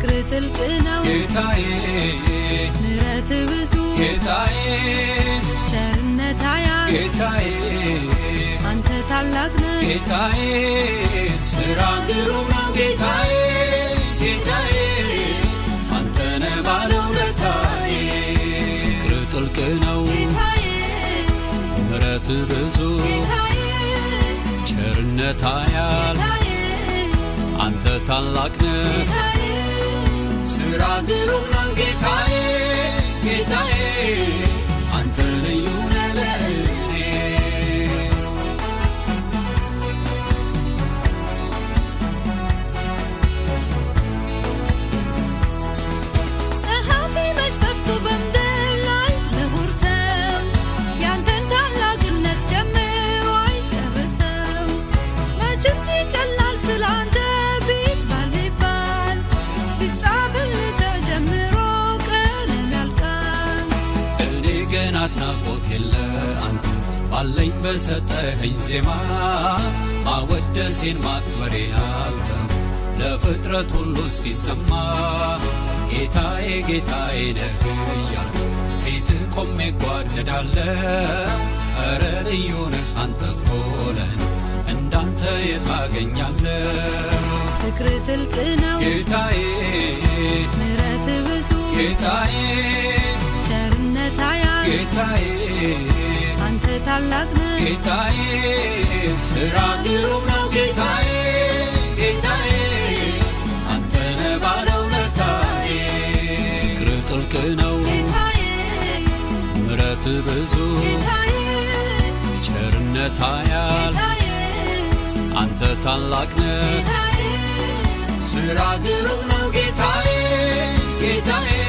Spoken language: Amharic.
ፍቅር ጥልቅ ነው ጌታዬ፣ ምረት ብዙ ጌታዬ፣ ቸርነት አያል ጌታዬ፣ አንተ ታላቅ ነ ጌታዬ፣ ስራ ግሩም ነው ጌታዬ፣ ጌታዬ አንተ ነህ ባለ ውለታዬ፣ ፍቅር ጥልቅ ነው ጌታዬ፣ ምሕረት ብዙ ቸርነት አያል አንተ ታላቅ ነህ ስራህ ግሩም ነው ጌታዬ ጌታዬ አንተ ልዩ ነህ ለእኔ ጸሐፊ መች ጠፍቶ በምድር ላይ ምሁር ሰው ያንተን ታላቅነት ጨምሮ አይጨርሰው መች እንዲህ ግን አድናቆት የለ አንተ ባለኝ በሰጠኸኝ ዜማ ማወደሴን ማክበሬ አንተ ለፍጥረት ሁሉ እስኪሰማ ጌታዬ ጌታዬ ነህ እያል ፊት ቆሜ ጓደዳለ እረ ልዩ አንተ ኮለን እንዳንተ የታገኛለ ፍቅር ጥልቅ ነው ጌታዬ ምረት ብዙ ጌታዬ ጌታዬ አንተ ታላቅ ነህ ጌታዬ ስራ ግሩም ነው ጌታዬ ጌታዬ አንተ ነህ ባለ ውለታዬ ጥልቅ ነው ጌታዬ ምረት ብዙ ጌታዬ ቸርነት አያል አንተ ታላቅ ነህ ስራ ግሩም ነው ጌታዬ ጌታዬ